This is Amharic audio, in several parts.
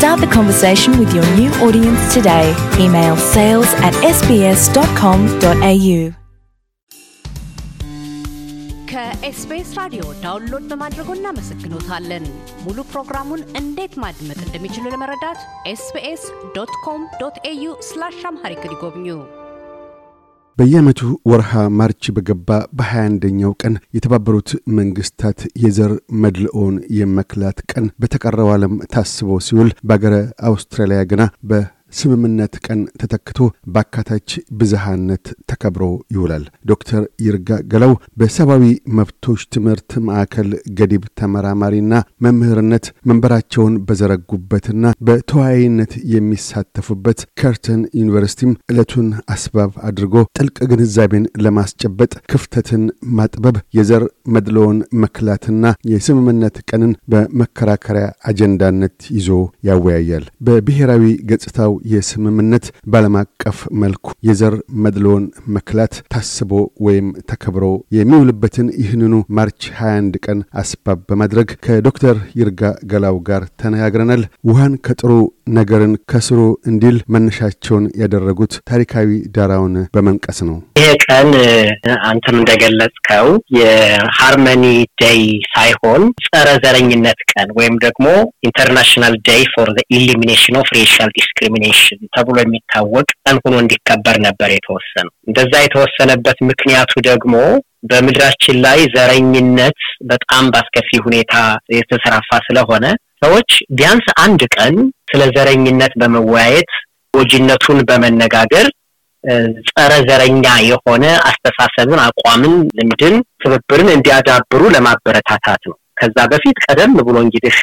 Start the conversation with your new audience today. Email sales at sbs.com.au. ከኤስቢኤስ ራዲዮ ዳውንሎድ በማድረጎ እናመሰግኖታለን። ሙሉ ፕሮግራሙን እንዴት ማድመጥ እንደሚችሉ ለመረዳት ኤስቢኤስ ዶት ኮም ዶት ኤዩ ስላሽ አምሃሪክ ይጎብኙ። በየዓመቱ ወርሃ ማርች በገባ በ21ኛው ቀን የተባበሩት መንግስታት የዘር መድልኦን የመክላት ቀን በተቀረው ዓለም ታስቦ ሲውል በአገረ አውስትራሊያ ገና በ ስምምነት ቀን ተተክቶ በአካታች ብዝሃነት ተከብሮ ይውላል። ዶክተር ይርጋ ገላው በሰብአዊ መብቶች ትምህርት ማዕከል ገዲብ ተመራማሪና መምህርነት መንበራቸውን በዘረጉበትና በተወያይነት የሚሳተፉበት ከርተን ዩኒቨርሲቲም ዕለቱን አስባብ አድርጎ ጥልቅ ግንዛቤን ለማስጨበጥ ክፍተትን ማጥበብ፣ የዘር መድሎውን መክላትና የስምምነት ቀንን በመከራከሪያ አጀንዳነት ይዞ ያወያያል። በብሔራዊ ገጽታው የስምምነት ባለም አቀፍ መልኩ የዘር መድሎን መክላት ታስቦ ወይም ተከብሮ የሚውልበትን ይህንኑ ማርች 21 ቀን አስባብ በማድረግ ከዶክተር ይርጋ ገላው ጋር ተነጋግረናል። ውሃን ከጥሩ ነገርን ከስሩ እንዲል መነሻቸውን ያደረጉት ታሪካዊ ዳራውን በመንቀስ ነው። ይሄ ቀን አንተም እንደገለጽከው የሃርመኒ ደይ ሳይሆን ጸረ ዘረኝነት ቀን ወይም ደግሞ ኢንተርናሽናል ደይ ፎር ኢሊሚኔሽን ኦፍ ሬሻል ዲስክሪሚኔሽን ኮሚሽን ተብሎ የሚታወቅ ቀን ሆኖ እንዲከበር ነበር የተወሰነው። እንደዛ የተወሰነበት ምክንያቱ ደግሞ በምድራችን ላይ ዘረኝነት በጣም በአስከፊ ሁኔታ የተሰራፋ ስለሆነ ሰዎች ቢያንስ አንድ ቀን ስለ ዘረኝነት በመወያየት ጎጂነቱን በመነጋገር ጸረ ዘረኛ የሆነ አስተሳሰብን፣ አቋምን፣ ልምድን፣ ትብብርን እንዲያዳብሩ ለማበረታታት ነው። ከዛ በፊት ቀደም ብሎ እንግዲህ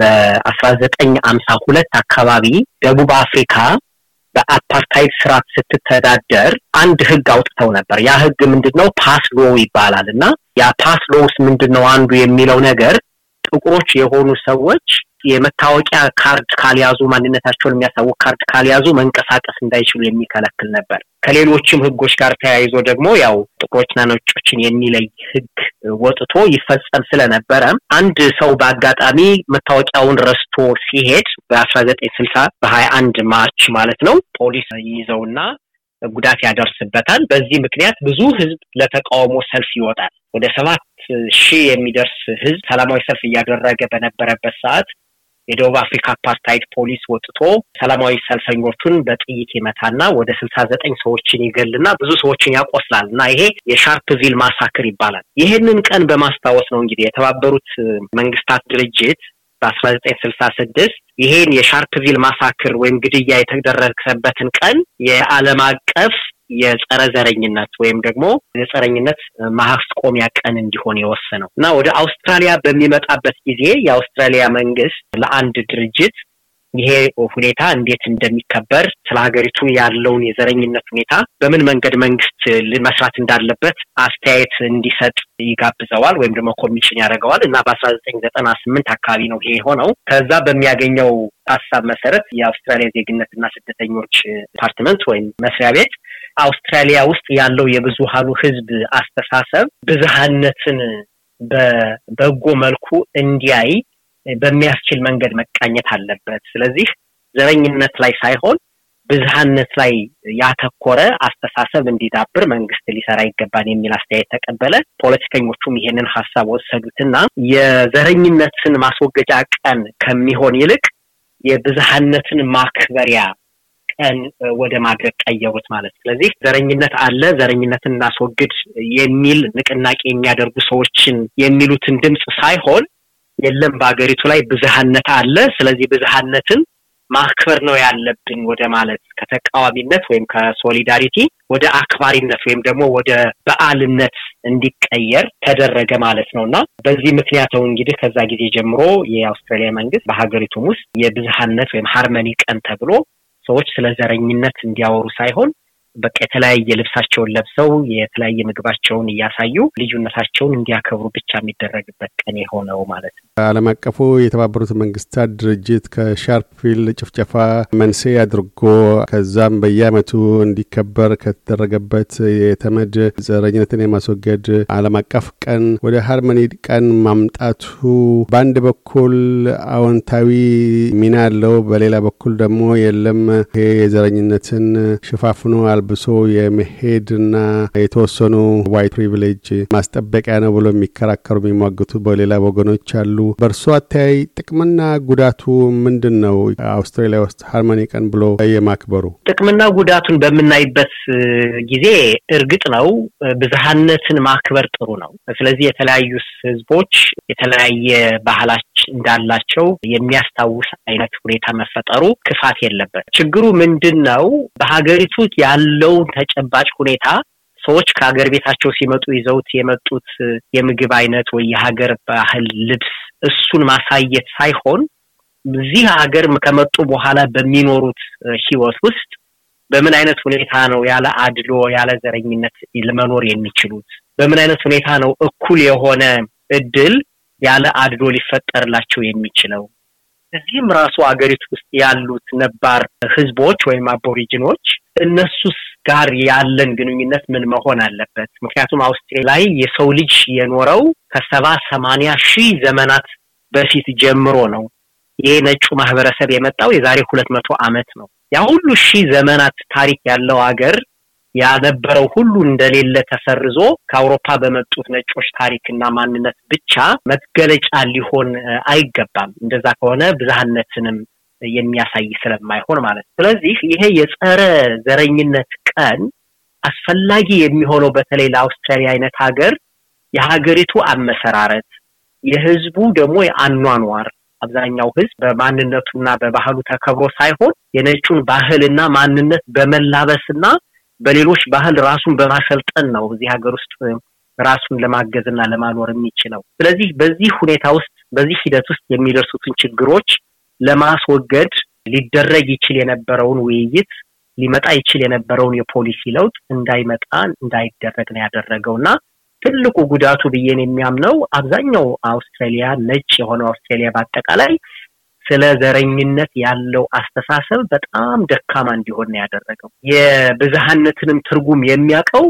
በአስራ ዘጠኝ አምሳ ሁለት አካባቢ ደቡብ አፍሪካ በአፓርታይድ ስርዓት ስትተዳደር አንድ ህግ አውጥተው ነበር። ያ ህግ ምንድን ነው? ፓስሎ ይባላል እና ያ ፓስሎስ ምንድን ነው አንዱ የሚለው ነገር ጥቁሮች የሆኑ ሰዎች የመታወቂያ ካርድ ካልያዙ ማንነታቸውን የሚያሳውቅ ካርድ ካልያዙ መንቀሳቀስ እንዳይችሉ የሚከለክል ነበር። ከሌሎችም ህጎች ጋር ተያይዞ ደግሞ ያው ጥቁሮችና ነጮችን የሚለይ ህግ ወጥቶ ይፈጸም ስለነበረ አንድ ሰው በአጋጣሚ መታወቂያውን ረስቶ ሲሄድ በአስራ ዘጠኝ ስልሳ በሀያ አንድ ማርች ማለት ነው ፖሊስ ይዘውና ጉዳት ያደርስበታል። በዚህ ምክንያት ብዙ ህዝብ ለተቃውሞ ሰልፍ ይወጣል። ወደ ሰባት ሺህ የሚደርስ ህዝብ ሰላማዊ ሰልፍ እያደረገ በነበረበት ሰዓት የደቡብ አፍሪካ አፓርታይድ ፖሊስ ወጥቶ ሰላማዊ ሰልፈኞቹን በጥይት ይመታና ወደ ስልሳ ዘጠኝ ሰዎችን ይገልና ብዙ ሰዎችን ያቆስላል እና ይሄ የሻርፕቪል ማሳክር ይባላል። ይሄንን ቀን በማስታወስ ነው እንግዲህ የተባበሩት መንግስታት ድርጅት በአስራ ዘጠኝ ስልሳ ስድስት ይሄን የሻርፕቪል ማሳክር ወይም ግድያ የተደረሰበትን ቀን የአለም አቀፍ የጸረ ዘረኝነት ወይም ደግሞ የጸረኝነት ማስቆሚያ ቀን እንዲሆን የወሰነው እና ወደ አውስትራሊያ በሚመጣበት ጊዜ የአውስትራሊያ መንግስት ለአንድ ድርጅት ይሄ ሁኔታ እንዴት እንደሚከበር ስለ ሀገሪቱ ያለውን የዘረኝነት ሁኔታ በምን መንገድ መንግስት መስራት እንዳለበት አስተያየት እንዲሰጥ ይጋብዘዋል ወይም ደግሞ ኮሚሽን ያደርገዋል እና በአስራ ዘጠኝ ዘጠና ስምንት አካባቢ ነው ይሄ የሆነው። ከዛ በሚያገኘው ሀሳብ መሰረት የአውስትራሊያ ዜግነትና ስደተኞች ዲፓርትመንት ወይም መስሪያ ቤት አውስትራሊያ ውስጥ ያለው የብዙሃኑ ህዝብ አስተሳሰብ ብዝሃነትን በበጎ መልኩ እንዲያይ በሚያስችል መንገድ መቃኘት አለበት። ስለዚህ ዘረኝነት ላይ ሳይሆን ብዝሃነት ላይ ያተኮረ አስተሳሰብ እንዲዳብር መንግስት ሊሰራ ይገባል የሚል አስተያየት ተቀበለ። ፖለቲከኞቹም ይሄንን ሀሳብ ወሰዱትና የዘረኝነትን ማስወገጃ ቀን ከሚሆን ይልቅ የብዝሃነትን ማክበሪያ ቀን ወደ ማድረግ ቀየሩት ማለት። ስለዚህ ዘረኝነት አለ፣ ዘረኝነት እናስወግድ የሚል ንቅናቄ የሚያደርጉ ሰዎችን የሚሉትን ድምፅ ሳይሆን የለም በሀገሪቱ ላይ ብዝሃነት አለ፣ ስለዚህ ብዝሃነትን ማክበር ነው ያለብን ወደ ማለት ከተቃዋሚነት ወይም ከሶሊዳሪቲ ወደ አክባሪነት ወይም ደግሞ ወደ በዓልነት እንዲቀየር ተደረገ ማለት ነው እና በዚህ ምክንያት እንግዲህ ከዛ ጊዜ ጀምሮ የአውስትራሊያ መንግስት በሀገሪቱም ውስጥ የብዝሃነት ወይም ሀርመኒ ቀን ተብሎ ሰዎች ስለ ዘረኝነት እንዲያወሩ ሳይሆን በቃ የተለያየ ልብሳቸውን ለብሰው የተለያየ ምግባቸውን እያሳዩ ልዩነታቸውን እንዲያከብሩ ብቻ የሚደረግበት ቀን የሆነው ማለት ነው። ዓለም አቀፉ የተባበሩት መንግስታት ድርጅት ከሻርፕቪል ጭፍጨፋ መንስኤ አድርጎ ከዛም በየአመቱ እንዲከበር ከተደረገበት የተመድ ዘረኝነትን የማስወገድ ዓለም አቀፍ ቀን ወደ ሃርመኒ ቀን ማምጣቱ በአንድ በኩል አዎንታዊ ሚና አለው፣ በሌላ በኩል ደግሞ የለም ይሄ የዘረኝነትን ሽፋፍኖ አል ለብሶ የመሄድና የተወሰኑ ዋይት ፕሪቪሌጅ ማስጠበቂያ ነው ብሎ የሚከራከሩ የሚሟግቱ በሌላ ወገኖች አሉ። በእርሶ አተያይ ጥቅምና ጉዳቱ ምንድን ነው? አውስትራሊያ ውስጥ ሃርሞኒ ቀን ብሎ የማክበሩ ጥቅምና ጉዳቱን በምናይበት ጊዜ እርግጥ ነው ብዝሃነትን ማክበር ጥሩ ነው። ስለዚህ የተለያዩ ህዝቦች የተለያየ ባህላች እንዳላቸው የሚያስታውስ አይነት ሁኔታ መፈጠሩ ክፋት የለበት። ችግሩ ምንድን ነው? በሀገሪቱ ያለ ያለውን ተጨባጭ ሁኔታ ሰዎች ከሀገር ቤታቸው ሲመጡ ይዘውት የመጡት የምግብ አይነት ወይ የሀገር ባህል ልብስ እሱን ማሳየት ሳይሆን እዚህ ሀገር ከመጡ በኋላ በሚኖሩት ህይወት ውስጥ በምን አይነት ሁኔታ ነው ያለ አድሎ ያለ ዘረኝነት መኖር የሚችሉት? በምን አይነት ሁኔታ ነው እኩል የሆነ እድል ያለ አድሎ ሊፈጠርላቸው የሚችለው? እዚህም ራሱ አገሪቱ ውስጥ ያሉት ነባር ህዝቦች ወይም አቦሪጅኖች እነሱስ ጋር ያለን ግንኙነት ምን መሆን አለበት? ምክንያቱም አውስትሬ ላይ የሰው ልጅ የኖረው ከሰባ ሰማኒያ ሺህ ዘመናት በፊት ጀምሮ ነው። ይሄ ነጩ ማህበረሰብ የመጣው የዛሬ ሁለት መቶ ዓመት ነው። ያ ሁሉ ሺህ ዘመናት ታሪክ ያለው አገር ያነበረው ሁሉ እንደሌለ ተሰርዞ ከአውሮፓ በመጡት ነጮች ታሪክና ማንነት ብቻ መገለጫ ሊሆን አይገባም። እንደዛ ከሆነ ብዝሃነትንም የሚያሳይ ስለማይሆን ማለት ነው። ስለዚህ ይሄ የጸረ ዘረኝነት ቀን አስፈላጊ የሚሆነው በተለይ ለአውስትራሊያ አይነት ሀገር የሀገሪቱ አመሰራረት፣ የህዝቡ ደግሞ የአኗኗር አብዛኛው ህዝብ በማንነቱና በባህሉ ተከብሮ ሳይሆን የነጩን ባህልና ማንነት በመላበስና በሌሎች ባህል ራሱን በማሰልጠን ነው እዚህ ሀገር ውስጥ ራሱን ለማገዝና ለማኖር የሚችለው። ስለዚህ በዚህ ሁኔታ ውስጥ በዚህ ሂደት ውስጥ የሚደርሱትን ችግሮች ለማስወገድ ሊደረግ ይችል የነበረውን ውይይት ሊመጣ ይችል የነበረውን የፖሊሲ ለውጥ እንዳይመጣ እንዳይደረግ ነው ያደረገው እና ትልቁ ጉዳቱ ብዬን የሚያምነው አብዛኛው አውስትራሊያ ነጭ የሆነው አውስትራሊያ በአጠቃላይ ስለ ዘረኝነት ያለው አስተሳሰብ በጣም ደካማ እንዲሆን ነው ያደረገው። የብዝሃነትንም ትርጉም የሚያውቀው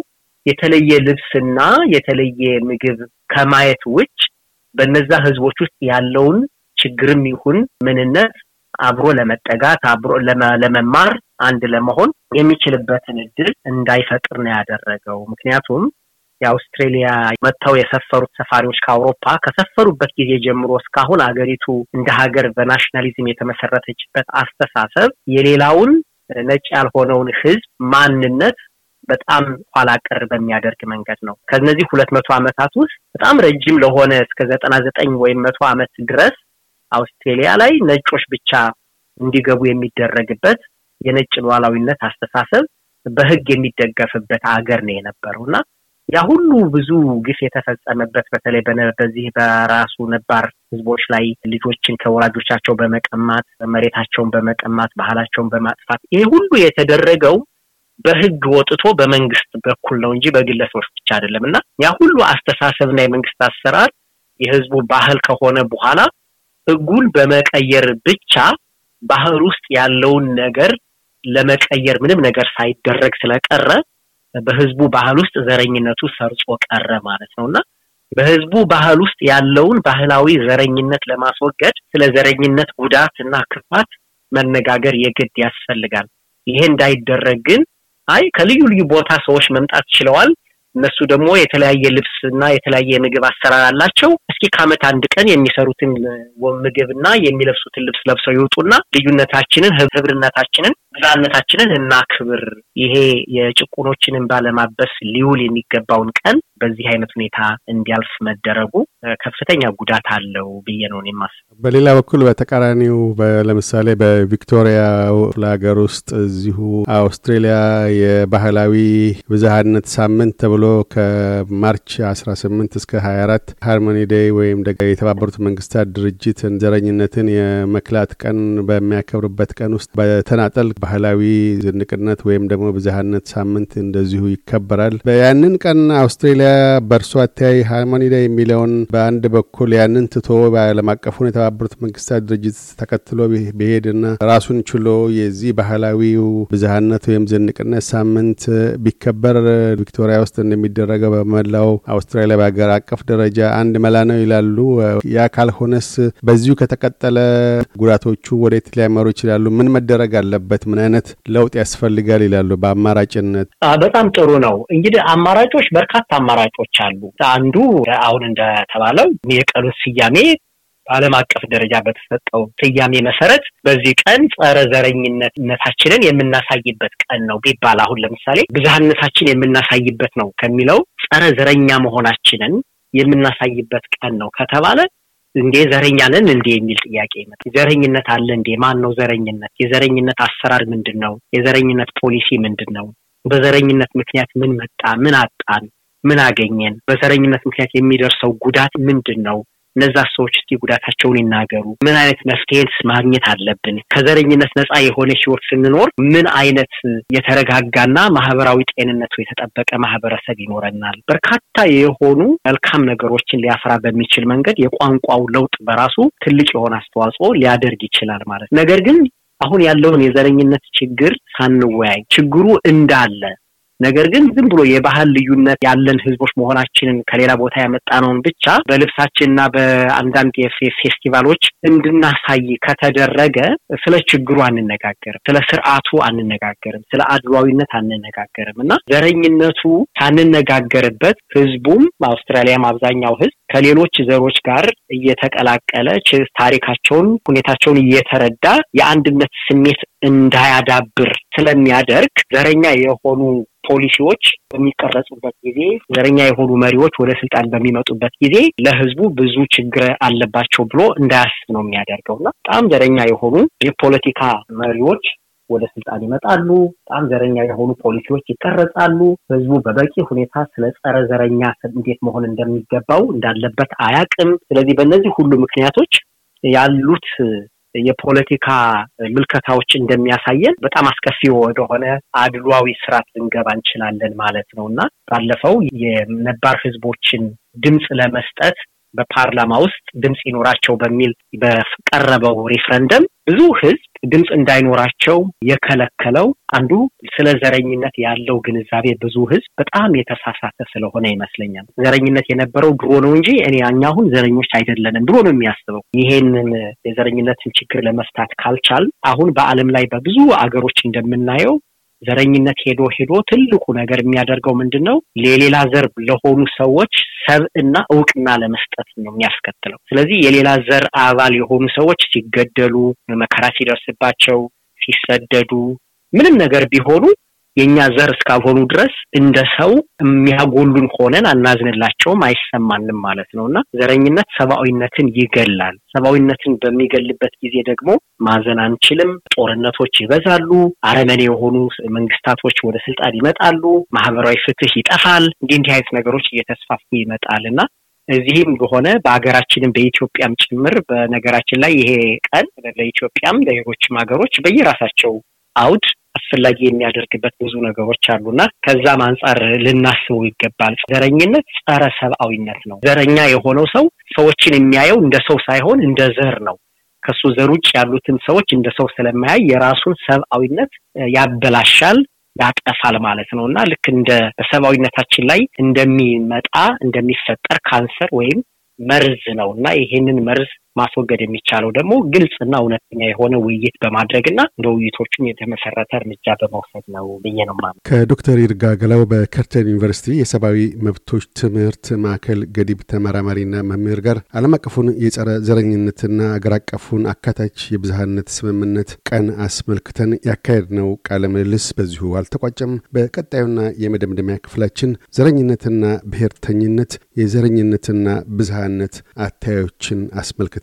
የተለየ ልብስና የተለየ ምግብ ከማየት ውጭ በነዛ ህዝቦች ውስጥ ያለውን ችግርም ይሁን ምንነት አብሮ ለመጠጋት አብሮ ለመማር አንድ ለመሆን የሚችልበትን እድል እንዳይፈጥር ነው ያደረገው። ምክንያቱም የአውስትሬሊያ መጥተው የሰፈሩት ሰፋሪዎች ከአውሮፓ ከሰፈሩበት ጊዜ ጀምሮ እስካሁን አገሪቱ እንደ ሀገር በናሽናሊዝም የተመሰረተችበት አስተሳሰብ የሌላውን ነጭ ያልሆነውን ህዝብ ማንነት በጣም ኋላ ቅር በሚያደርግ መንገድ ነው። ከነዚህ ሁለት መቶ ዓመታት ውስጥ በጣም ረጅም ለሆነ እስከ ዘጠና ዘጠኝ ወይም መቶ ዓመት ድረስ አውስትሬሊያ ላይ ነጮች ብቻ እንዲገቡ የሚደረግበት የነጭ ሉዓላዊነት አስተሳሰብ በህግ የሚደገፍበት አገር ነው የነበረው እና ያ ሁሉ ብዙ ግፍ የተፈጸመበት በተለይ በዚህ በራሱ ነባር ህዝቦች ላይ ልጆችን ከወላጆቻቸው በመቀማት መሬታቸውን በመቀማት ባህላቸውን በማጥፋት ይሄ ሁሉ የተደረገው በህግ ወጥቶ በመንግስት በኩል ነው እንጂ በግለሰቦች ብቻ አይደለም እና ያ ሁሉ አስተሳሰብና የመንግስት አሰራር የህዝቡ ባህል ከሆነ በኋላ ህጉን በመቀየር ብቻ ባህር ውስጥ ያለውን ነገር ለመቀየር ምንም ነገር ሳይደረግ ስለቀረ በህዝቡ ባህል ውስጥ ዘረኝነቱ ሰርጾ ቀረ ማለት ነው እና በህዝቡ ባህል ውስጥ ያለውን ባህላዊ ዘረኝነት ለማስወገድ ስለ ዘረኝነት ጉዳት እና ክፋት መነጋገር የግድ ያስፈልጋል። ይሄ እንዳይደረግ ግን አይ ከልዩ ልዩ ቦታ ሰዎች መምጣት ችለዋል፣ እነሱ ደግሞ የተለያየ ልብስ እና የተለያየ የምግብ አሰራር አላቸው። እስኪ ከዓመት አንድ ቀን የሚሰሩትን ምግብ እና የሚለብሱትን ልብስ ለብሰው ይወጡና ልዩነታችንን፣ ህብርነታችንን ብዝሃነታችንን እናክብር። ይሄ የጭቁኖችንን ባለማበስ ሊውል የሚገባውን ቀን በዚህ አይነት ሁኔታ እንዲያልፍ መደረጉ ከፍተኛ ጉዳት አለው ብዬ ነው የማስበው። በሌላ በኩል በተቃራኒው ለምሳሌ በቪክቶሪያ ክፍለ ውስጥ እዚሁ አውስትሬሊያ የባህላዊ ብዝሃነት ሳምንት ተብሎ ከማርች አስራ ስምንት እስከ ሀያ አራት ሃርሞኒ ዴይ ወይም ደ የተባበሩት መንግስታት ድርጅት ዘረኝነትን የመክላት ቀን በሚያከብርበት ቀን ውስጥ በተናጠል ባህላዊ ዝንቅነት ወይም ደግሞ ብዝሃነት ሳምንት እንደዚሁ ይከበራል። ያንን ቀን አውስትሬሊያ በእርሶ አተያይ ሃርሞኒ ዴይ የሚለውን በአንድ በኩል ያንን ትቶ በዓለም አቀፉን የተባበሩት መንግስታት ድርጅት ተከትሎ ቢሄድና ራሱን ችሎ የዚህ ባህላዊው ብዝሃነት ወይም ዝንቅነት ሳምንት ቢከበር ቪክቶሪያ ውስጥ እንደሚደረገው በመላው አውስትራሊያ በሀገር አቀፍ ደረጃ አንድ መላ ነው ይላሉ። ያ ካልሆነስ በዚሁ ከተቀጠለ ጉዳቶቹ ወዴት ሊያመሩ ይችላሉ? ምን መደረግ አለበት? ምን አይነት ለውጥ ያስፈልጋል ይላሉ? በአማራጭነት በጣም ጥሩ ነው። እንግዲህ አማራጮች በርካታ አማራጮች አሉ። አንዱ አሁን እንደተባለው የቀኑት ስያሜ በአለም አቀፍ ደረጃ በተሰጠው ስያሜ መሰረት በዚህ ቀን ጸረ ዘረኝነታችንን የምናሳይበት ቀን ነው ቢባል አሁን ለምሳሌ ብዝሃነታችን የምናሳይበት ነው ከሚለው ጸረ ዘረኛ መሆናችንን የምናሳይበት ቀን ነው ከተባለ እንዴ ዘረኛ ነን እንዴ የሚል ጥያቄ ይመጣ። ዘረኝነት አለ እንዴ? ማን ነው ዘረኝነት? የዘረኝነት አሰራር ምንድን ነው? የዘረኝነት ፖሊሲ ምንድን ነው? በዘረኝነት ምክንያት ምን መጣ? ምን አጣን? ምን አገኘን? በዘረኝነት ምክንያት የሚደርሰው ጉዳት ምንድን ነው? እነዛ ሰዎች እስቲ ጉዳታቸውን ይናገሩ። ምን አይነት መፍትሄንስ ማግኘት አለብን? ከዘረኝነት ነፃ የሆነ ህይወት ስንኖር ምን አይነት የተረጋጋና ማህበራዊ ጤንነቱ የተጠበቀ ማህበረሰብ ይኖረናል? በርካታ የሆኑ መልካም ነገሮችን ሊያፈራ በሚችል መንገድ የቋንቋው ለውጥ በራሱ ትልቅ የሆነ አስተዋጽኦ ሊያደርግ ይችላል ማለት ነገር ግን አሁን ያለውን የዘረኝነት ችግር ሳንወያይ ችግሩ እንዳለ ነገር ግን ዝም ብሎ የባህል ልዩነት ያለን ህዝቦች መሆናችንን ከሌላ ቦታ ያመጣነውን ብቻ በልብሳችንና በአንዳንድ ፌስቲቫሎች እንድናሳይ ከተደረገ ስለ ችግሩ አንነጋገርም፣ ስለ ስርአቱ አንነጋገርም፣ ስለ አድሏዊነት አንነጋገርም እና ዘረኝነቱ ሳንነጋገርበት ህዝቡም አውስትራሊያም አብዛኛው ህዝብ ከሌሎች ዘሮች ጋር እየተቀላቀለ ታሪካቸውን፣ ሁኔታቸውን እየተረዳ የአንድነት ስሜት እንዳያዳብር ስለሚያደርግ ዘረኛ የሆኑ ፖሊሲዎች በሚቀረጹበት ጊዜ ዘረኛ የሆኑ መሪዎች ወደ ስልጣን በሚመጡበት ጊዜ ለህዝቡ ብዙ ችግር አለባቸው ብሎ እንዳያስብ ነው የሚያደርገው እና በጣም ዘረኛ የሆኑ የፖለቲካ መሪዎች ወደ ስልጣን ይመጣሉ። በጣም ዘረኛ የሆኑ ፖሊሲዎች ይቀረጻሉ። ህዝቡ በበቂ ሁኔታ ስለ ጸረ ዘረኛ እንዴት መሆን እንደሚገባው እንዳለበት አያቅም። ስለዚህ በእነዚህ ሁሉ ምክንያቶች ያሉት የፖለቲካ ምልከታዎች እንደሚያሳየን በጣም አስከፊ ወደሆነ አድሏዊ ስርዓት ልንገባ እንችላለን ማለት ነው እና ባለፈው የነባር ህዝቦችን ድምፅ ለመስጠት በፓርላማ ውስጥ ድምፅ ይኖራቸው በሚል በቀረበው ሪፍረንደም ብዙ ህዝብ ድምፅ እንዳይኖራቸው የከለከለው አንዱ ስለ ዘረኝነት ያለው ግንዛቤ ብዙ ህዝብ በጣም የተሳሳተ ስለሆነ ይመስለኛል። ዘረኝነት የነበረው ድሮ ነው እንጂ እኔ እኛ አሁን ዘረኞች አይደለንም ብሎ ነው የሚያስበው። ይሄንን የዘረኝነትን ችግር ለመፍታት ካልቻል አሁን በዓለም ላይ በብዙ አገሮች እንደምናየው ዘረኝነት ሄዶ ሄዶ ትልቁ ነገር የሚያደርገው ምንድን ነው? የሌላ ዘር ለሆኑ ሰዎች እና እውቅና ለመስጠት ነው የሚያስከትለው። ስለዚህ የሌላ ዘር አባል የሆኑ ሰዎች ሲገደሉ፣ መከራ ሲደርስባቸው፣ ሲሰደዱ ምንም ነገር ቢሆኑ የእኛ ዘር እስካልሆኑ ድረስ እንደ ሰው የሚያጎሉን ሆነን አናዝንላቸውም፣ አይሰማንም ማለት ነው እና ዘረኝነት ሰብአዊነትን ይገላል። ሰብአዊነትን በሚገልበት ጊዜ ደግሞ ማዘን አንችልም። ጦርነቶች ይበዛሉ። አረመኔ የሆኑ መንግስታቶች ወደ ስልጣን ይመጣሉ። ማህበራዊ ፍትህ ይጠፋል። እንዲህ እንዲህ አይነት ነገሮች እየተስፋፉ ይመጣል እና እዚህም በሆነ በሀገራችንም በኢትዮጵያም ጭምር በነገራችን ላይ ይሄ ቀን ለኢትዮጵያም ለሌሎችም ሀገሮች በየራሳቸው አውድ አስፈላጊ የሚያደርግበት ብዙ ነገሮች አሉና ከዛም አንጻር ልናስበው ይገባል። ዘረኝነት ጸረ ሰብአዊነት ነው። ዘረኛ የሆነው ሰው ሰዎችን የሚያየው እንደ ሰው ሳይሆን እንደ ዘር ነው። ከሱ ዘር ውጭ ያሉትን ሰዎች እንደ ሰው ስለማያይ የራሱን ሰብአዊነት ያበላሻል ያጠፋል ማለት ነው እና ልክ እንደ በሰብአዊነታችን ላይ እንደሚመጣ እንደሚፈጠር ካንሰር ወይም መርዝ ነው እና ይሄንን መርዝ ማስወገድ የሚቻለው ደግሞ ግልጽና እውነተኛ የሆነ ውይይት በማድረግ ና እንደ ውይይቶቹም የተመሰረተ እርምጃ በመውሰድ ነው ብዬ ነው ማለት። ከዶክተር ይርጋ ገላው በከርተን ዩኒቨርሲቲ የሰብአዊ መብቶች ትምህርት ማዕከል ገዲብ ተመራማሪና መምህር ጋር አለም አቀፉን የጸረ ዘረኝነትና አገር አቀፉን አካታች የብዝሃነት ስምምነት ቀን አስመልክተን ነው ቃለ ምልልስ በዚሁ አልተቋጨም። በቀጣዩና የመደምደሚያ ክፍላችን ዘረኝነትና ብሔርተኝነት የዘረኝነትና ብዝሃነት አታዮችን አስመልክተ